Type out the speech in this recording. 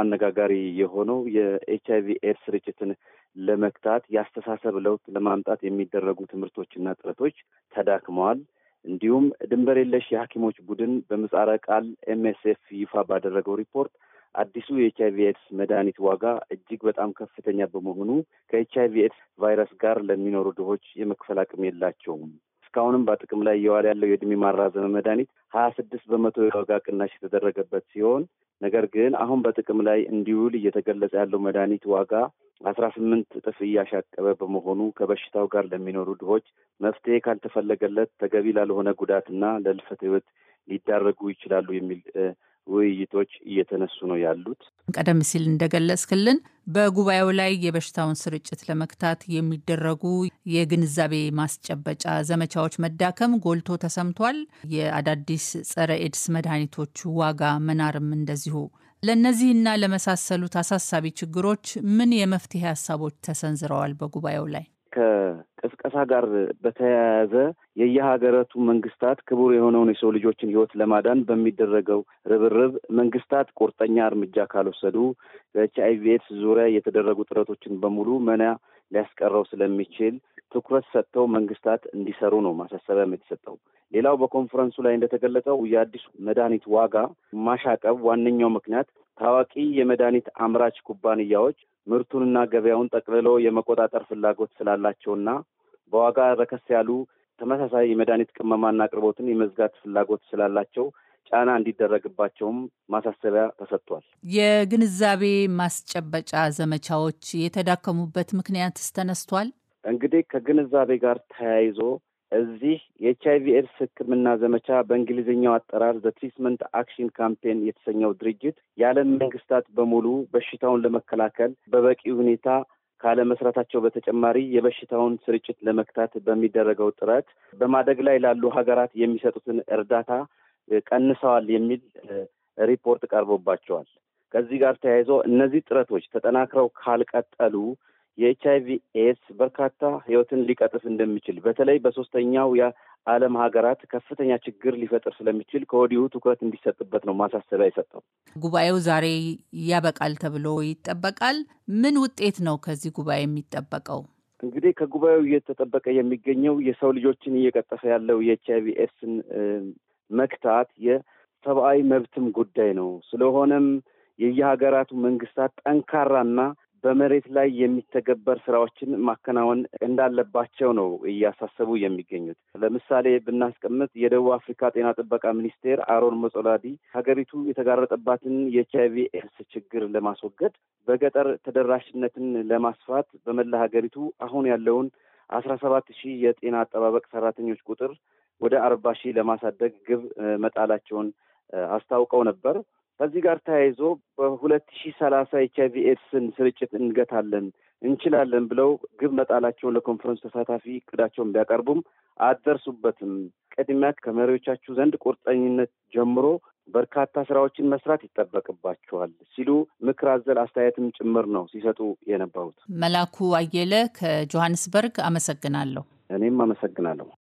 አነጋጋሪ የሆነው የኤችአይቪ አይቪ ኤድስ ስርጭትን ለመክታት የአስተሳሰብ ለውጥ ለማምጣት የሚደረጉ ትምህርቶችና ጥረቶች ተዳክመዋል። እንዲሁም ድንበር የለሽ የሐኪሞች ቡድን በምህጻረ ቃል ኤምኤስኤፍ ይፋ ባደረገው ሪፖርት አዲሱ የኤች ኤድስ መድኃኒት ዋጋ እጅግ በጣም ከፍተኛ በመሆኑ ከኤችአይቪ ኤድስ ቫይረስ ጋር ለሚኖሩ ድሆች የመክፈል አቅም የላቸውም። እስካሁንም በጥቅም ላይ እየዋለ ያለው የእድሜ ማራዘመ መድኃኒት ሀያ ስድስት በመቶ የዋጋ ቅናሽ የተደረገበት ሲሆን ነገር ግን አሁን በጥቅም ላይ እንዲውል እየተገለጸ ያለው መድኃኒት ዋጋ አስራ ስምንት እጥፍ እያሻቀበ በመሆኑ ከበሽታው ጋር ለሚኖሩ ድሆች መፍትሄ ካልተፈለገለት ተገቢ ላልሆነ ጉዳትና ለልፈት ህይወት ሊዳረጉ ይችላሉ የሚል ውይይቶች እየተነሱ ነው ያሉት። ቀደም ሲል እንደገለጽክልን በጉባኤው ላይ የበሽታውን ስርጭት ለመክታት የሚደረጉ የግንዛቤ ማስጨበጫ ዘመቻዎች መዳከም ጎልቶ ተሰምቷል። የአዳዲስ ጸረ ኤድስ መድኃኒቶች ዋጋ መናርም እንደዚሁ። ለእነዚህና ለመሳሰሉት አሳሳቢ ችግሮች ምን የመፍትሄ ሀሳቦች ተሰንዝረዋል በጉባኤው ላይ? ቅስቀሳ ጋር በተያያዘ የየሀገረቱ መንግስታት ክቡር የሆነውን የሰው ልጆችን ህይወት ለማዳን በሚደረገው ርብርብ መንግስታት ቁርጠኛ እርምጃ ካልወሰዱ በኤች አይ ቪ ኤድስ ዙሪያ የተደረጉ ጥረቶችን በሙሉ መና ሊያስቀረው ስለሚችል ትኩረት ሰጥተው መንግስታት እንዲሰሩ ነው ማሳሰቢያም የተሰጠው። ሌላው በኮንፈረንሱ ላይ እንደተገለጸው የአዲሱ መድኃኒት ዋጋ ማሻቀብ ዋነኛው ምክንያት ታዋቂ የመድኃኒት አምራች ኩባንያዎች ምርቱንና ገበያውን ጠቅልሎ የመቆጣጠር ፍላጎት ስላላቸውና በዋጋ ረከስ ያሉ ተመሳሳይ የመድኃኒት ቅመማና አቅርቦትን የመዝጋት ፍላጎት ስላላቸው ጫና እንዲደረግባቸውም ማሳሰቢያ ተሰጥቷል። የግንዛቤ ማስጨበጫ ዘመቻዎች የተዳከሙበት ምክንያትስ ተነስቷል። እንግዲህ ከግንዛቤ ጋር ተያይዞ እዚህ የኤች አይቪ ኤድስ ሕክምና ዘመቻ በእንግሊዝኛው አጠራር ዘ ትሪትመንት አክሽን ካምፔን የተሰኘው ድርጅት የዓለም መንግስታት በሙሉ በሽታውን ለመከላከል በበቂ ሁኔታ ካለመስራታቸው በተጨማሪ የበሽታውን ስርጭት ለመክታት በሚደረገው ጥረት በማደግ ላይ ላሉ ሀገራት የሚሰጡትን እርዳታ ቀንሰዋል የሚል ሪፖርት ቀርቦባቸዋል። ከዚህ ጋር ተያይዞ እነዚህ ጥረቶች ተጠናክረው ካልቀጠሉ የኤች አይቪ ኤድስ በርካታ ህይወትን ሊቀጥፍ እንደሚችል በተለይ በሶስተኛው ዓለም ሀገራት ከፍተኛ ችግር ሊፈጥር ስለሚችል ከወዲሁ ትኩረት እንዲሰጥበት ነው ማሳሰቢያ የሰጠው። ጉባኤው ዛሬ ያበቃል ተብሎ ይጠበቃል። ምን ውጤት ነው ከዚህ ጉባኤ የሚጠበቀው? እንግዲህ ከጉባኤው እየተጠበቀ የሚገኘው የሰው ልጆችን እየቀጠፈ ያለው የኤች አይቪ ኤድስን መክታት የሰብአዊ መብትም ጉዳይ ነው። ስለሆነም የየሀገራቱ መንግስታት ጠንካራና በመሬት ላይ የሚተገበር ስራዎችን ማከናወን እንዳለባቸው ነው እያሳሰቡ የሚገኙት። ለምሳሌ ብናስቀምጥ የደቡብ አፍሪካ ጤና ጥበቃ ሚኒስቴር አሮን መጾላዲ ሀገሪቱ የተጋረጠባትን የኤች አይቪ ኤድስ ችግር ለማስወገድ በገጠር ተደራሽነትን ለማስፋት በመላ ሀገሪቱ አሁን ያለውን አስራ ሰባት ሺህ የጤና አጠባበቅ ሰራተኞች ቁጥር ወደ አርባ ሺህ ለማሳደግ ግብ መጣላቸውን አስታውቀው ነበር። ከዚህ ጋር ተያይዞ በሁለት ሺ ሰላሳ ኤች አይቪ ኤድስን ስርጭት እንገታለን እንችላለን ብለው ግብ መጣላቸውን ለኮንፈረንሱ ተሳታፊ እቅዳቸውን ቢያቀርቡም አደርሱበትም ቅድሚያ ከመሪዎቻችሁ ዘንድ ቁርጠኝነት ጀምሮ በርካታ ስራዎችን መስራት ይጠበቅባቸዋል ሲሉ ምክር አዘል አስተያየትም ጭምር ነው ሲሰጡ የነበሩት። መላኩ አየለ ከጆሀንስበርግ አመሰግናለሁ። እኔም አመሰግናለሁ።